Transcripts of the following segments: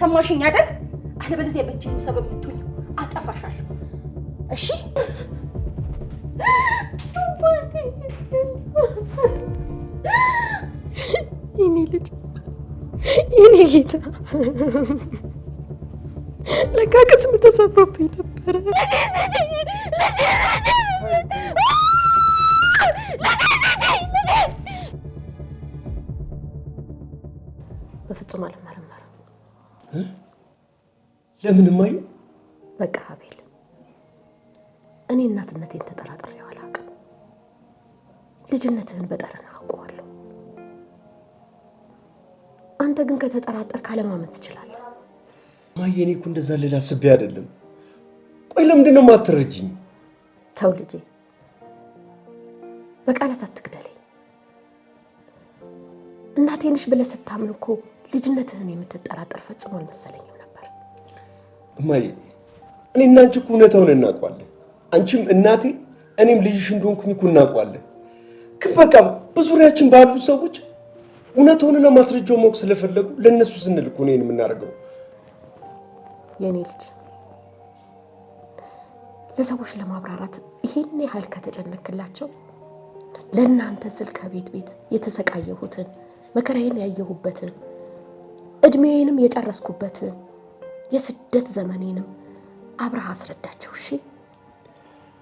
ሰማሽኝ አይደል? አለበለዚያ በእጅ ነው ሰበብ የምትሆኝ። አጠፋሻለሁ። እሺ የኔ ልጅ የኔ ጌታ ለካ ቅስም ተሰብሮብኝ ነበረ። በፍጹም አለም ለምን ማዩ? በቃ አቤል፣ እኔ እናትነቴን ተጠራጥሬው አላውቅም። ልጅነትህን በጠረን አውቀዋለሁ። አንተ ግን ከተጠራጠር ካለማመን ትችላለህ። ማየ፣ እኔ እኮ እንደዛ ሌላ ስቤ አይደለም። ቆይ ለምንድን ነው የማትረጅኝ? ተው ልጄ፣ በቃላት አትግደለኝ። እናቴንሽ ብለህ ስታምን እኮ ልጅነትህን የምትጠራጠር ፈጽሞ አልመሰለኝም ነበር። እማዬ እኔ እና አንቺ እኮ እውነታውን እናውቀዋለን። አንቺም እናቴ እኔም ልጅሽ እንደሆንኩኝ እኮ እናውቀዋለን። ግን በቃ በዙሪያችን ባሉ ሰዎች እውነታውንና ማስረጃው ማወቅ ስለፈለጉ ለእነሱ ስንል እኮ የምናደርገው። የእኔ ልጅ ለሰዎች ለማብራራት ይሄን ያህል ከተጨነቅላቸው ለእናንተ ስል ከቤት ቤት የተሰቃየሁትን መከራዬን ያየሁበትን እድሜዬንም የጨረስኩበትን የስደት ዘመኔንም አብረህ አስረዳቸው። እሺ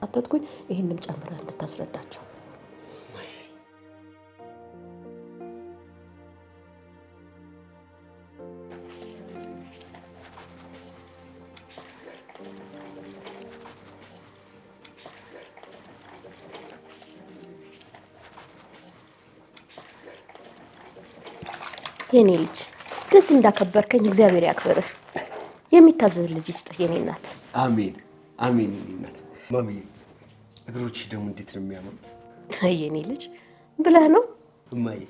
አታትኩኝ። ይህንም ጨምረህ እንድታስረዳቸው የኔ ልጅ እንደዚህ እንዳከበርከኝ እግዚአብሔር ያክብርህ። የሚታዘዝ ልጅ ይስጥህ የኔ እናት። አሜን አሜን። የኔ እናት ማሚ፣ እግሮች ደግሞ እንዴት ነው የሚያምሩት! የኔ ልጅ ብለህ ነው እማዬ።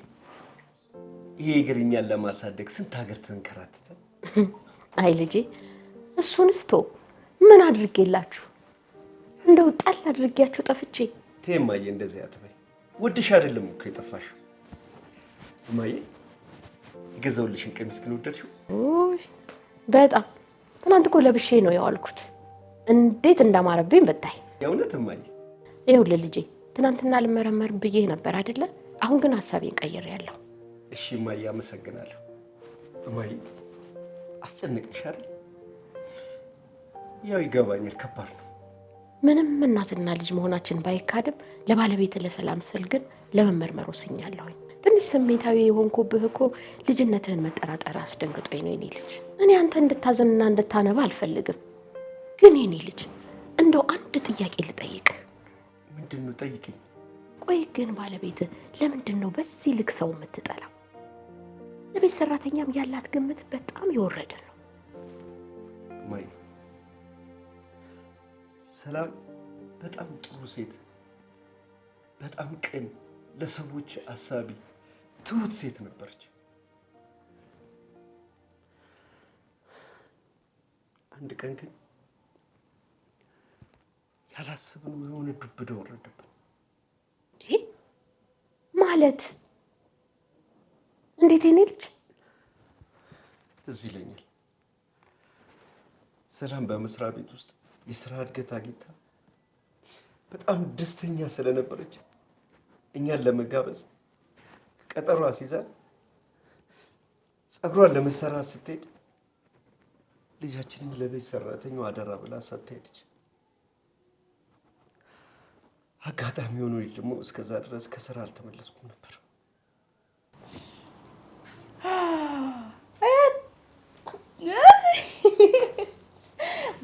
ይሄ እግር እኛን ለማሳደግ ስንት ሀገር ትንከራትተ አይ ልጄ፣ እሱን ስቶ ምን አድርጌላችሁ እንደው ጣል አድርጌያችሁ ጠፍቼ። እማዬ እንደዚህ አትበይ። ወድሽ አይደለም እኮ የጠፋሽው እማዬ የገዛሁልሽን ቀሚስ ግን ወደድሽው? በጣም ትናንት እኮ ለብሼ ነው የዋልኩት። እንዴት እንዳማረብኝ ብታይ። የእውነት ማይ ይኸውልህ ልጄ፣ ትናንትና ልመረመር ብዬ ነበር አይደለ? አሁን ግን ሀሳቤን ያለው። እሺ እማዬ፣ አመሰግናለሁ። ማይ አስጨነቅሽ አይደል? ያው ይገባኛል፣ ከባድ ነው። ምንም እናትና ልጅ መሆናችን ባይካድም ለባለቤት ለሰላም ስል ግን ለመመርመር ወስኛለሁኝ። ትንሽ ስሜታዊ የሆንኩብህ እኮ ልጅነትህን መጠራጠር አስደንግጦኝ ነው የኔ ልጅ። እኔ አንተ እንድታዘንና እንድታነባ አልፈልግም። ግን የኔ ልጅ እንደው አንድ ጥያቄ ልጠይቅ። ምንድን ነው? ጠይቅኝ። ቆይ ግን ባለቤትህ ለምንድን ነው በዚህ ልክ ሰው የምትጠላው? ለቤት ሰራተኛም ያላት ግምት በጣም የወረደ ነው። ማይ ሰላም በጣም ጥሩ ሴት፣ በጣም ቅን፣ ለሰዎች አሳቢ ትሁት ሴት ነበረች። አንድ ቀን ግን ያላሰብነው የሆነ ዱብዳ ወረደብን። ማለት እንዴት? የኔ ልጅ እዚህ ይለኛል። ሰላም በመስሪያ ቤት ውስጥ የስራ እድገት አግኝታ በጣም ደስተኛ ስለነበረች እኛን ለመጋበዝ ቀጠሮ አስይዛል። ጸጉሯን ለመሰራት ስትሄድ ልጃችንን ለቤት ሰራተኛው አደራ ብላ ሳትሄድች አጋጣሚ ሆኖ ደግሞ እስከዛ ድረስ ከስራ አልተመለስኩም ነበር።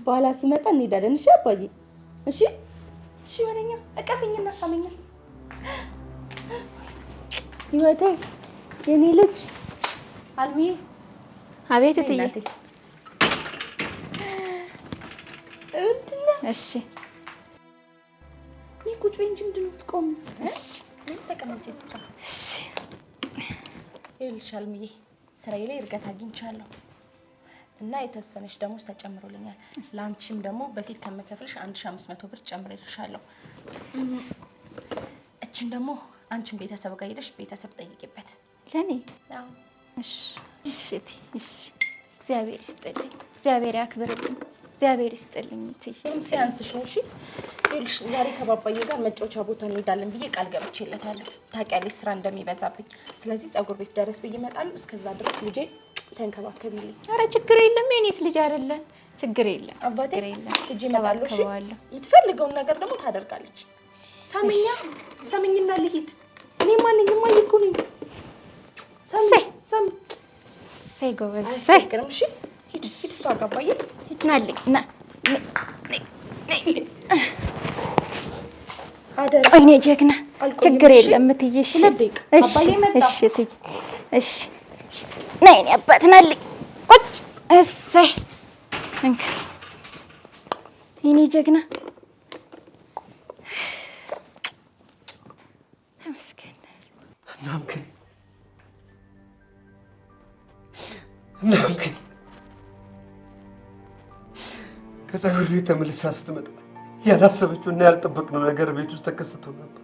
ባላ ስመጣ እንሄዳለን። እሺ አባዬ፣ እሺ፣ እሺ፣ በለኛ፣ እቀፍኝና ሳመኛል ህይወቴ የኔ ልጅ አልሚ። አቤት እትዬ። እሺ እኔ ቁጭ እንጂ ምንድን ነው የምትቆሚው? እሺ ተቀመጪ። እሺ ይኸውልሽ አልሚዬ ስራዬ ላይ እርገት አግኝቻለሁ እና የተወሰነች ደሞዝ ተጨምሮልኛል። ለአንቺም ደግሞ በፊት ከመከፍልሽ 1500 ብር ጨምሬልሻለሁ። እችን ደግሞ አንቺን ቤተሰብ ጋር ሄደሽ ቤተሰብ ጠይቂበት። ለእኔ እግዚአብሔር ይስጥልኝ፣ እግዚአብሔር ያክብርልኝ፣ እግዚአብሔር ይስጥልኝ። ሲያንስሽ ነው። እሺ ይኸውልሽ፣ ዛሬ ከባባዬ ጋር መጫወቻ ቦታ እንሄዳለን ብዬ ቃል ገብቼለታለሁ። ታውቂያለሽ ስራ እንደሚበዛብኝ። ስለዚህ ፀጉር ቤት ደረስ ብዬ እመጣለሁ። እስከዛ ድረስ ልጄ ተንከባከቢልኝ። ኧረ ችግር የለም የእኔስ ልጅ አይደለም። ችግር የለም አባቴ፣ ልጄ እመጣለሁ። የምትፈልገውን ነገር ደግሞ ታደርጋለች። ሰምኛ ሰምኝና ልሂድ እኔ ማንኝ ማይኩኝ ሳሚ ሳሚ ሳይ ጎበዝ ሳይ ከረምሽ ሂድ ሂድ እሷ ጋር ባየ ሂድ ናልኝ ና ቆይ ጀግና ችግር የለም እምትይሽ እሺ እትዬ እሺ ነይ እኔ አባት ናልኝ ቁጭ እሰይ እንክ የእኔ ጀግና ምን አልከኝ? ከፀጉር ቤት ተመልሳ ስትመጣ ያላሰበችው እና ያልጠበቅነው ነገር ቤት ውስጥ ተከስቶ ነበር።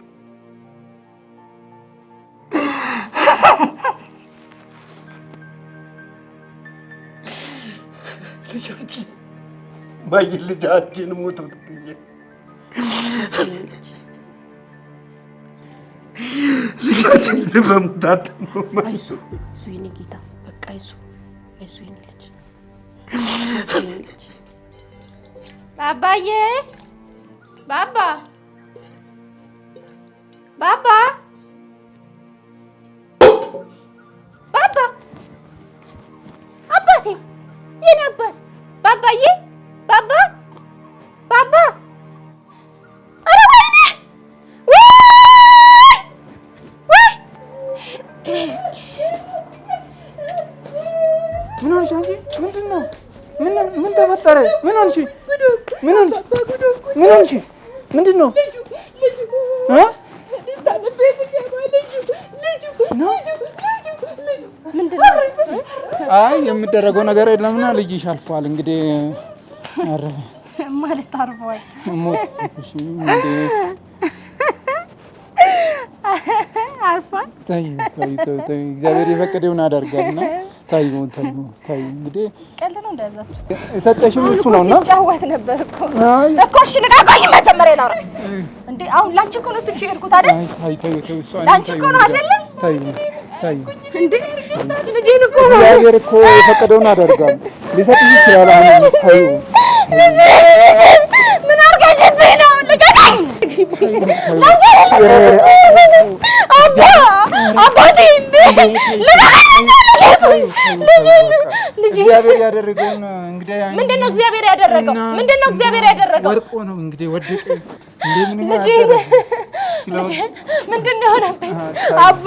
ልጃችን ባይ ልጃችን ሞቶ ተገኘ። ልጃችን በሞት አተመ። አይዞህ የእኔ ጌታ፣ በቃ አይዞህ አይሱ የኔ ልጅ ባባዬ ባባ ባባ ባባ አባቴ የኔ አባት ባባዬ የሚደረገው ነገር የለምና ልጅሽ አልፏል። እንግዲህ ማለት አርፏል። እግዚአብሔር የፈቀደውን አደርጋልና ታዩ ታዩ ታዩ። እንግዲህ ቀልድ ነው የሰጠሽም እሱ ነው እና ጫወት ነበር እኮ እኮ። እሺ ንቃቆኝ መጀመሪያ ላውራ እንዴ። አሁን ላንቺ እኮ ነው ትቼ የሄድኩት አይደል? እግዚአብሔር እኮ የፈቀደውን አደርጋል። ሊሰጥሽ ይችላል። ምን አድርገሽብኝ ነው? ልቀቀኝ! አባቴ እግዚአብሔር ያደረገውን እንግዲህ ምንድን ነው እግዚአብሔር ያደረገው? ምንድን ነው እግዚአብሔር ያደረገው? ወድቆ ነው እንግዲህ ወደቀ። ምንድን ነው የሆነበት አባ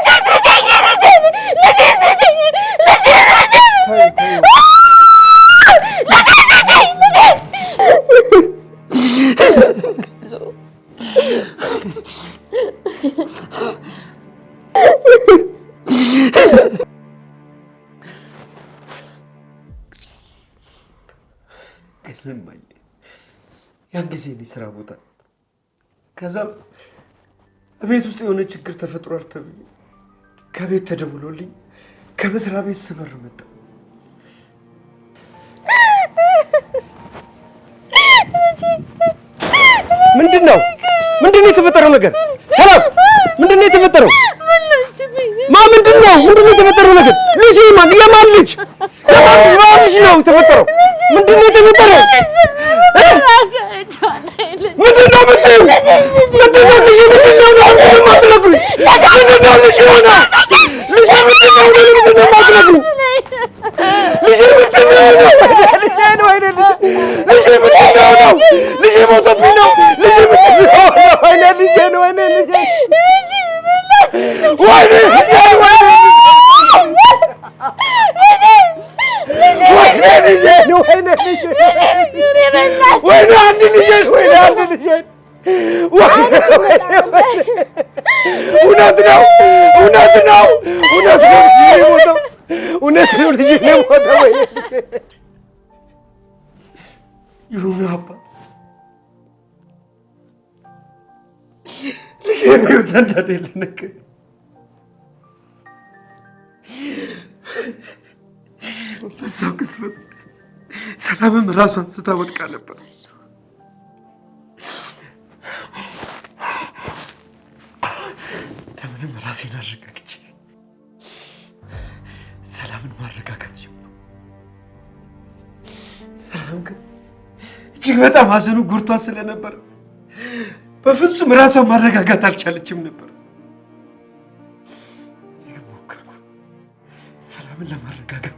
ስራ ቦታ ከዛ ቤት ውስጥ የሆነ ችግር ተፈጥሯል ተብዬ ከቤት ተደውሎልኝ ከመስሪያ ቤት ስበር መጣ። ምንድን ነው ምንድን ነው የተፈጠረው ነገር? ሰላም ምንድን ነው የተፈጠረው? ማ ምንድን ነው ምንድን ነው የተፈጠረው ነገር? ልጅ ማን? የማን ልጅ? የማን ልጅ ነው የተፈጠረው? ምንድን ነው የተፈጠረው? ልጄ ነው ወይኔ ልጄ وين اللجان وين اللجان وين عني اللجان وين عني اللجان ونادناو ونادناو ونادناو ونادناو اللجان وهذا وين يرونا هبط لجان يوتن دليل انك በዛው ቅስበት ሰላምም ራሷን ስታወድቃ ነበር። ለምንም ራሴን አረጋግቼ ሰላምን ማረጋጋት ጀመሩ። ሰላም ግን እጅግ በጣም ሀዘኑ ጉርቷት ስለነበር በፍጹም ራሷን ማረጋጋት አልቻለችም ነበር። ሞከርኩ ሰላምን ለማረጋጋት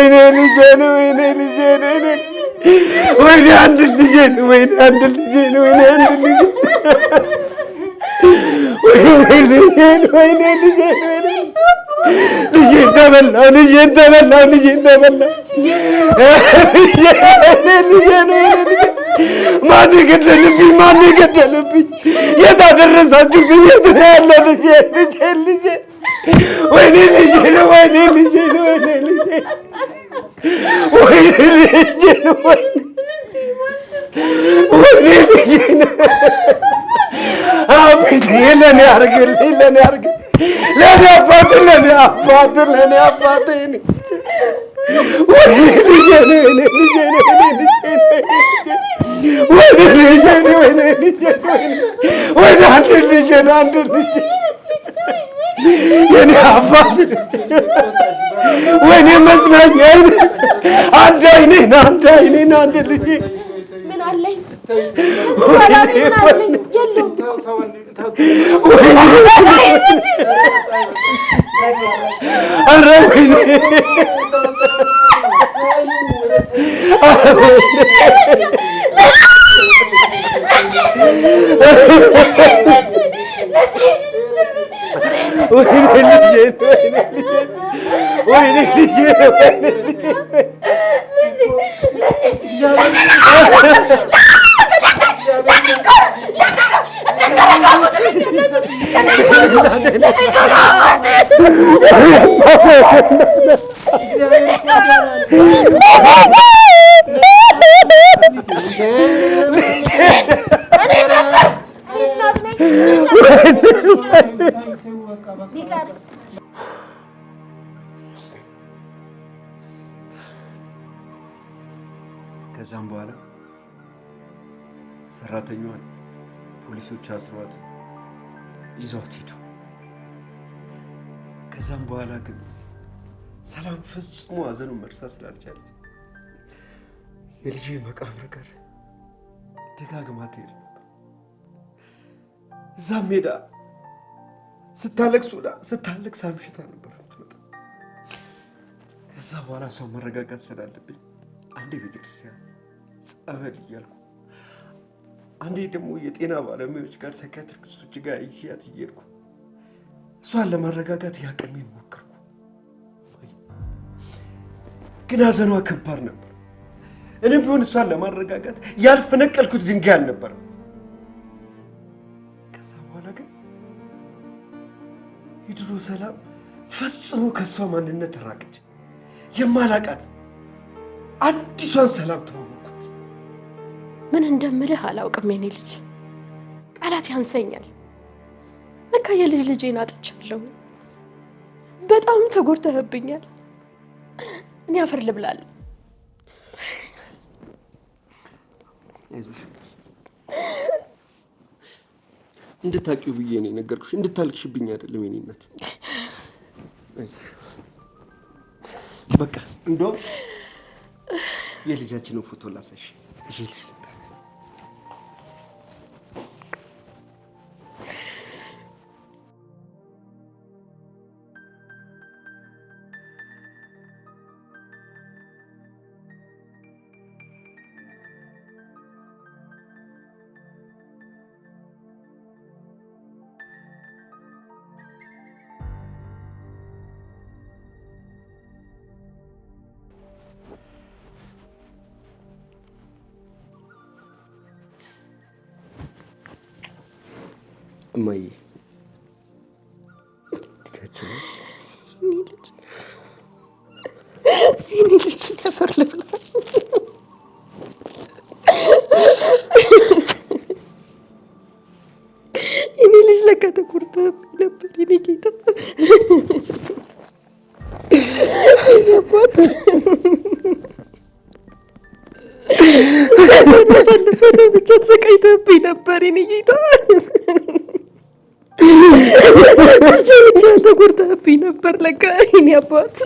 വൈനേലി ജനു വൈനേലി ജനു വൈന ആൻഡി ജനു വൈന ആൻഡി ജനു വൈന ആൻഡി ജനു വൈന ആൻഡി ജനു നിജിന്തമല്ല നിജിന്തമല്ല നിജിന്തമല്ല Mani gidelim bir mani gidelim bir. Yeter derse saçı bir yeter elleri elleri elleri. Uenelejele, uenelejele, uenelejele. Uenelejele, uenelejele. Abidiyelene argililene argil. Lene apadı, lene apadı, lene apadı. Uenelejele, uenelejele, uenelejele. Uenelejele, uenelejele, uenelejele. Uenelejele, uenelejele. የኔ አባት ወይኔ መዝናኛ አንድ አይኔ ና አንድ አይኔ ና አንድ ልጅ ምን አለኝ ወይኔ Uy, negligent. Uy, negligent. Uy, negligent. Uy, negligent. Listen, listen. Listen ako! Listen ko! Listen ko! Nagkarag ako! Listen ko! Listen ko! Listen ko! Listen ko! ቢቀርስ ከዛም በኋላ ሰራተኛዋን ፖሊሶች አስሯት ይዟት ሄዱ። ከዛም በኋላ ግን ሰላም ፈጽሞ ሀዘኑን መርሳት ስላልቻለች የልጄ መቃብር ጋር ደጋግማ ትሄድ ነበር። እዛም ሄዳ ስታለቅስ ውላ ስታለቅስ አምሽታ ነበር የምትመጣ። ከዛ በኋላ ሰው መረጋጋት ስላለብኝ አንዴ ቤተክርስቲያን ጸበል እያልኩ አንዴ ደግሞ የጤና ባለሙያዎች ጋር ሳይካትሪክሶች ጋር እያት እየሄድኩ እሷን ለማረጋጋት ያቅሜን ሞከርኩ። ግን ሐዘኗ ከባድ ነበር። እኔም ቢሆን እሷን ለማረጋጋት ያልፈነቀልኩት ድንጋይ አልነበረም። ሰላም ፈጽሞ ከእሷ ማንነት ራቀች የማላቃት አዲሷን ሰላም ተዋወቅኩት። ምን እንደምልህ አላውቅም የኔ ልጅ፣ ቃላት ያንሰኛል። ለካ የልጅ ልጄን አጥቻለሁ። በጣም ተጎድተህብኛል። እኔ አፈር ልብላለሁ። እንድታቂው ብዬ ነው የነገርኩሽ። እንድታልቅሽብኝ አይደለም የኔ በቃ እንደውም የልጃችንን ፎቶ ላሳሽ ይልሽ እማዬ ልጃችን ልጅ ነበር ልብላ ይህኔ ልጅ ለካ ነበር። የኔ ጌታ ብቻ ተሰቃይተብኝ ነበር የኔ ጌታ ብቻ ተጎድታብኝ ነበር። ለካ እኔ አባት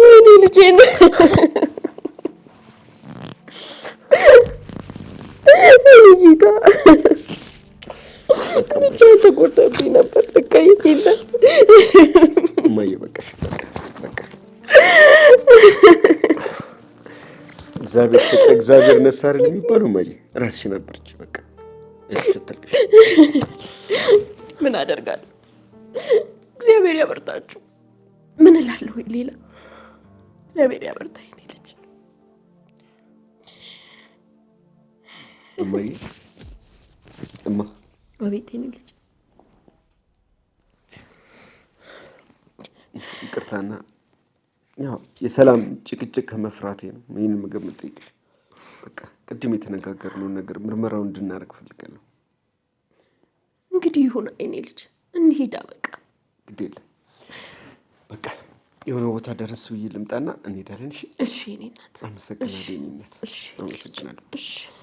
ወይኔ ብቻ ተጎድታብኝ ነበር። ለካ የት የላት እማዬ በቃሽ፣ በቃ እግዚአብሔር ሰጠ እግዚአብሔር ነሳ አይደል የሚባለው? እማዬ ራስሽ ነበርች። በቃ ምን አደርጋለሁ? እግዚአብሔር ያበርታችሁ። ምን እላለሁ ሌላ? እግዚአብሔር ያበርታ የኔ ልጅ። እማዬ እማ፣ አቤት የኔ ልጅ ይቅርታና የሰላም ጭቅጭቅ ከመፍራቴ ነው ይህን ምግብ የምጠይቅሽ። በቃ ቅድም የተነጋገርነውን ነገር ምርመራውን እንድናደርግ ፈልጋለሁ። እንግዲህ ይሁን አይኔ ልጅ እንሂዳ። በቃ ግድ የለም በቃ የሆነ ቦታ ደረስ ብዬ ልምጣና እንሄዳለን። እሺ እኔ እናት አመሰግናለሁ። እኔ እናት አመሰግናለሁ።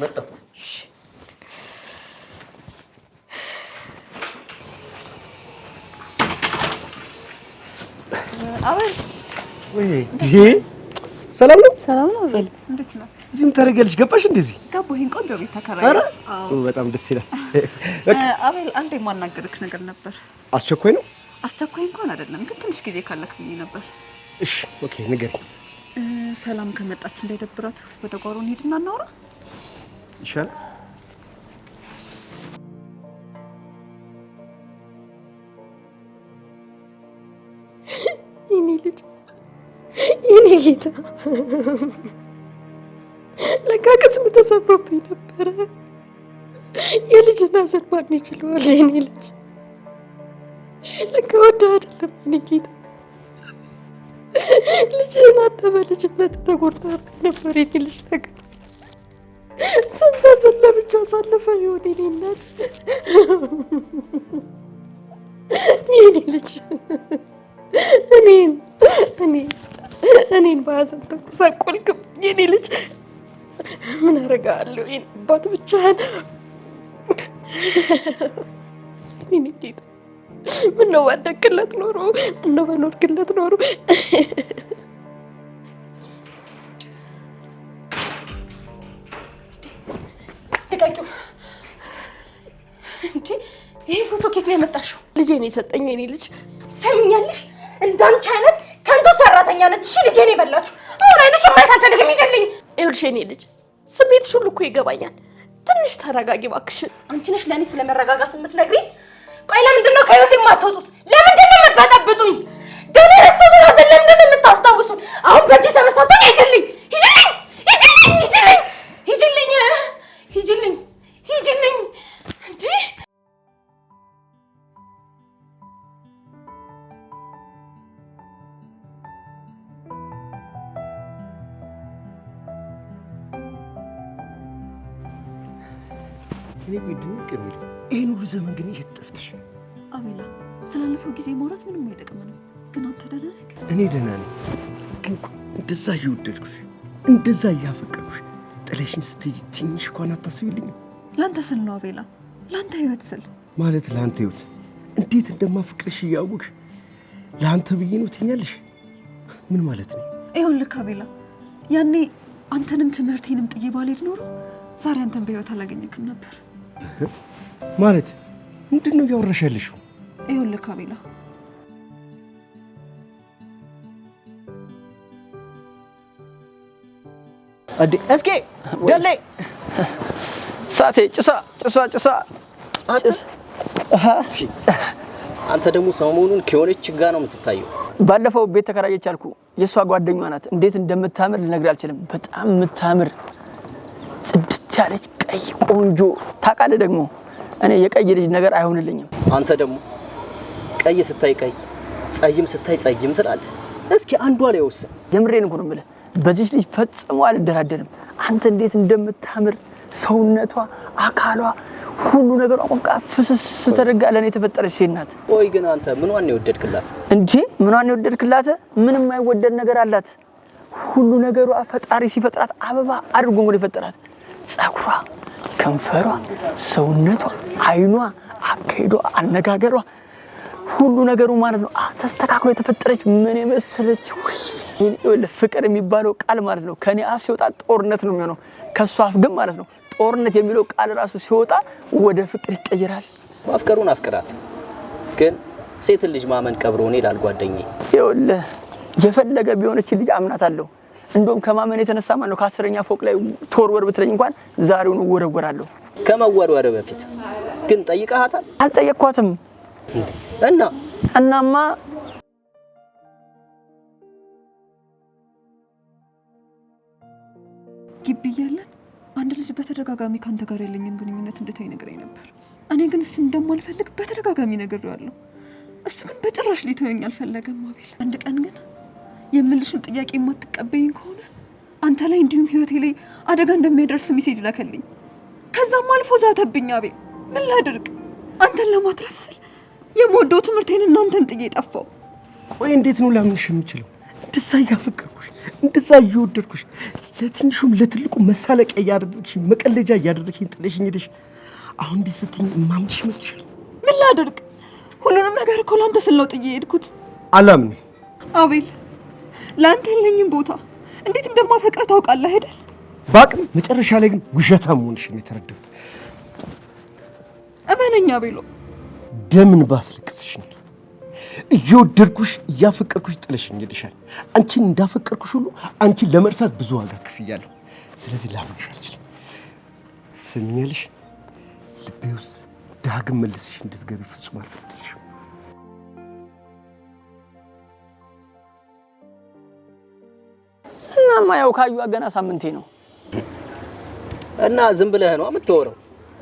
መጣሁ። አቤል ሰላም ነው? ሰላም ነው። አቤል እንዴት ነው? እዚህም ታደርጊያለሽ? ገባሽ? እንደዚህ ገባሁ። ይሄን ቆንጆ ቤት ተከራይ። በጣም ደስ ይላል። አቤል አንዴ የማናገርሽ ነገር ነበር። አስቸኳይ ነው? አስቸኳይ እንኳን አይደለም፣ ግን ትንሽ ጊዜ ካለክ ብዬሽ ነበር። እሺ፣ ኦኬ፣ ንገሪኝ። ሰላም ከመጣች እንዳይደብራት ወደ ጓሮ እንሂድና እናውራ። ይሻላል። የኔ ልጅ የኔ ጌታ ለካ ቅስም ተሰብሮብኝ ነበረ። የልጅን ሐዘን ማን ይችለዋል? የኔ ልጅ ለካ ወደ አይደለም የኔ ጌታ ልጅህን አተበልጅነት ተጎድታብኝ ነበር የኔ ልጅ ነገር ስንት ስንት ለብቻ አሳለፈ ይሆን የኔ እናት የኔ ልጅ እኔን እኔን እኔን በሐዘን ተጎሳቆልክም የኔ ልጅ ምን አደርጋለሁ የኔ አባት ብቻህን የኔ ጌታ ምነው ባደግለት ኖሮ ምነው በኖርክለት ኖሮ ይሄ ፎቶ ኬት ነው ያመጣሽው? ልጄ ነው የሰጠኝ የኔ ልጅ። ሰምኛለሽ፣ እንዳንቺ አይነት ከንቱ ሰራተኛ ነች። እሺ ልጄ ነው የበላችሁ። አሁን አይነሽ ማየት አልፈልግም። ይጀልኝ። ይኸውልሽ የኔ ልጅ ስሜትሽ ሁሉ እኮ ይገባኛል። ትንሽ ተረጋጊ እባክሽን። አንቺ ነሽ ለእኔ ስለመረጋጋት የምትነግሪኝ። ቆይ ለምንድን ነው ከህይወት የማትወጡት? ለምንድን ነው የምትበጠብጡኝ? ደኔ ርሱ ዝራዝን ለምንድን ነው የምታስታውሱን? አሁን በእጅ ተመሳቶኝ እንደዛ እየወደድኩሽ እንደዛ እያፈቀርኩሽ ጥለሽኝ ስትይ ትንሽ እንኳን አታስቢልኝም? ላንተ ስል ነው አቤላ፣ ላንተ ህይወት ስል ማለት ለአንተ ህይወት እንዴት እንደማፈቅርሽ እያወቅሽ ለአንተ ብዬ ነው ትኛለሽ? ምን ማለት ነው? ይኸውልህ አቤላ፣ ያኔ አንተንም ትምህርቴንም ጥዬ ባልሄድ ኖሮ ዛሬ አንተን በህይወት አላገኘክም ነበር። ማለት ምንድን ነው እያወራሽ ያለሽው? ይኸውልህ አቤላ እስኪ ደሌ ሳቴ ጭሷ ጭሷ ጭሷ። አንተ ደግሞ ሰሞኑን ከሆነች ጋ ነው የምትታየው። ባለፈው ቤት ተከራየች አልኩ። የእሷ ጓደኛ ናት። እንዴት እንደምታምር ልነግር አልችልም። በጣም የምታምር ጽድት ያለች ቀይ ቆንጆ። ታውቃለህ ደግሞ እኔ የቀይ ልጅ ነገር አይሆንልኝም። አንተ ደግሞ ቀይ ስታይ ቀይ፣ ጸይም ስታይ ጸይም ትላለህ። እስኪ አንዷ ላይ ወስን። የምሬን እኮ ነው የምልህ በዚች ልጅ ፈጽሞ አልደራደርም። አንተ እንዴት እንደምታምር ሰውነቷ፣ አካሏ፣ ሁሉ ነገሯ ቆምቃ ፍስስ ተደርጋ ለእኔ የተፈጠረች ሴት ናት። ቆይ ግን አንተ ምኗን የወደድክላት? እንጂ ምኗን የወደድክላት? ምንም አይወደድ ነገር አላት። ሁሉ ነገሯ ፈጣሪ ሲፈጥራት አበባ አድርጎ እንግዲህ ይፈጥራት። ፀጉሯ፣ ከንፈሯ፣ ሰውነቷ፣ አይኗ፣ አካሄዷ፣ አነጋገሯ ሁሉ ነገሩ ማለት ነው ተስተካክሎ የተፈጠረች ምን የመሰለች ፍቅር የሚባለው ቃል ማለት ነው ከኔ አፍ ሲወጣ ጦርነት ነው የሚሆነው፣ ከእሱ አፍ ግን ማለት ነው ጦርነት የሚለው ቃል ራሱ ሲወጣ ወደ ፍቅር ይቀየራል። ማፍቀሩን አፍቅራት፣ ግን ሴትን ልጅ ማመን ቀብሮ ነው ይላል ጓደኛዬ። ይኸውልህ የፈለገ ቢሆነች ልጅ አምናታለሁ። እንደውም ከማመን የተነሳ ማለት ነው ከአስረኛ ፎቅ ላይ ተወርወር ብትለኝ እንኳን ዛሬውን እወረወራለሁ። ከመወርወር በፊት ግን ጠይቀሃታል? አልጠየቅኳትም። እና እናማ ግቢ እያለን አንድ ልጅ በተደጋጋሚ ከአንተ ጋር ያለኝን ግንኙነት እንድታይ ነግረኝ ነበር። እኔ ግን እሱ እንደማልፈልግ በተደጋጋሚ ነግሬዋለሁ። እሱ ግን በጭራሽ ሊተወኝ አልፈለገም። አቤል፣ አንድ ቀን ግን የምልሽን ጥያቄ የማትቀበይኝ ከሆነ አንተ ላይ እንዲሁም ህይወቴ ላይ አደጋ እንደሚያደርስ ሚሴጅ ላከልኝ። ከዛም አልፎ ዛተብኝ። አቤል፣ ምን ላድርግ? አንተን ለማትረፍ ስል የምወደው ትምህርቴን እናንተን ጥዬ ጠፋው። ቆይ እንዴት ነው ላምንሽ የምችለው? እንደዛ እያፈቀርኩሽ፣ እንደዛ እየወደድኩሽ፣ ለትንሹም ለትልቁ መሳለቂያ እያደረግሽ፣ መቀለጃ እያደረግሽኝ ጥለሽኝ ሄደሽ፣ አሁን እንዴት ስትይኝ እማምንሽ ይመስልሻል? ምን ላድርግ? ሁሉንም ነገር እኮ ላንተ ስል ነው ጥዬ ሄድኩት። አላምን አቤል፣ ለአንተ የለኝም ቦታ። እንዴት እንደማፈቅረ ታውቃለህ አይደል? በአቅም መጨረሻ ላይ ግን ውሸታም መሆንሽን የተረዳሁት። እመነኛ አቤሎ ደምን ባስለቅስሽኝ እየወደድኩሽ እያፈቀርኩሽ ጥለሽኝ ሄደሻል። አንቺን እንዳፈቀርኩሽ ሁሉ አንቺን ለመርሳት ብዙ ዋጋ ከፍያለሁ። ስለዚህ ላምንሽ አልችልም። ትሰሚኛለሽ? ልቤ ውስጥ ዳግም መልሰሽ እንድትገቢ ፍጹም አልፈቅድልሽም። እናማ ያው ካዩዋ ገና ሳምንቴ ነው እና ዝም ብለህ ነው የምትወረው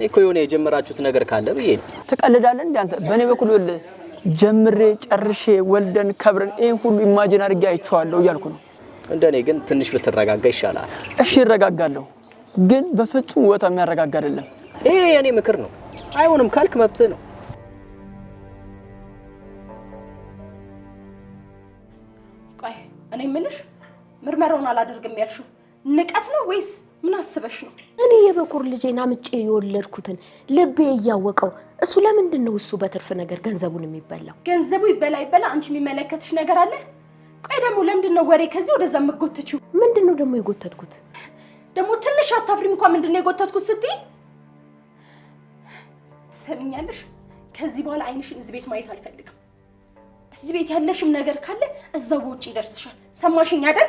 እኮ የሆነ የጀመራችሁት ነገር ካለ ብዬ ነው። ትቀልዳለህ እንዴ አንተ? በእኔ በኩል ወልደ ጀምሬ ጨርሼ ወልደን ከብረን ይህን ሁሉ ኢማጂን አድርጌ አይቼዋለሁ እያልኩ ነው። እንደኔ ግን ትንሽ ብትረጋጋ ይሻላል። እሺ ይረጋጋለሁ፣ ግን በፍጹም ወታ የሚያረጋጋ አይደለም። ይሄ የእኔ ምክር ነው። አይሆንም ካልክ መብት ነው። ቆይ እኔ የምልሽ ምርመራውን አላደርግም ያልሽው ንቀት ነው ወይስ ምን አስበሽ ነው? እኔ የበኩር ልጄን አምጬ የወለድኩትን ልቤ እያወቀው እሱ ለምንድን ነው እሱ በትርፍ ነገር ገንዘቡን የሚበላው? ገንዘቡ ይበላ ይበላ፣ አንቺ የሚመለከትሽ ነገር አለ? ቆይ ደግሞ ለምንድን ነው ወሬ ከዚህ ወደዛ የምትጎትችው? ምንድን ነው ደግሞ የጎተትኩት? ደግሞ ትንሽ አታፍሪም? እንኳ ምንድን ነው የጎተትኩት ስትይ ትሰሚኛለሽ? ከዚህ በኋላ አይንሽን እዚህ ቤት ማየት አልፈልግም። እዚህ ቤት ያለሽም ነገር ካለ እዛው በውጭ ይደርስሻል። ሰማሽኝ አይደል?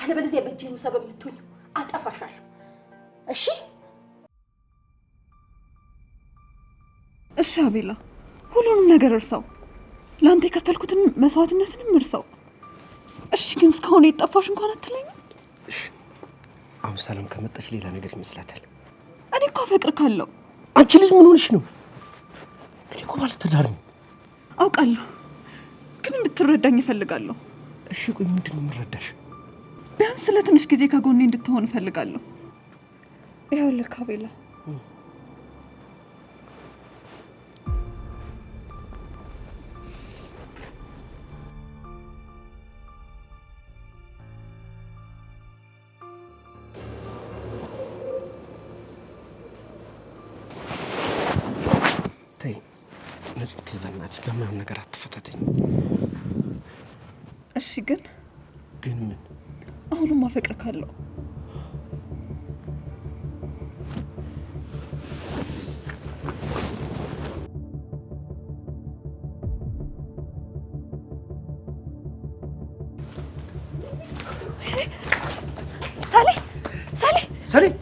አለበለዚያ በእጄ ሰበብ የምትሆኝው አጠፋሻለሁ። እሺ እሺ። አቤላ ሁሉንም ነገር እርሳው። ለአንተ የከፈልኩትን መስዋዕትነትንም እርሳው። እሺ ግን እስካሁን የጠፋሽ እንኳን አትለኝ። አሁን ሰላም ከመጣች ሌላ ነገር ይመስላታል። እኔ እኮ አፈቅር ካለው አንቺ ልጅ ምን ሆንሽ ነው? እኔ እኮ ማለት ትዳር ነው አውቃለሁ፣ ግን እንድትረዳኝ እፈልጋለሁ። እሺ ቆይ ምንድን ነው የምረዳሽ? ቢያንስ ለትንሽ ጊዜ ከጎኔ እንድትሆን እፈልጋለሁ። ይኸውልህ ቤላ ሳሌ ሳሌ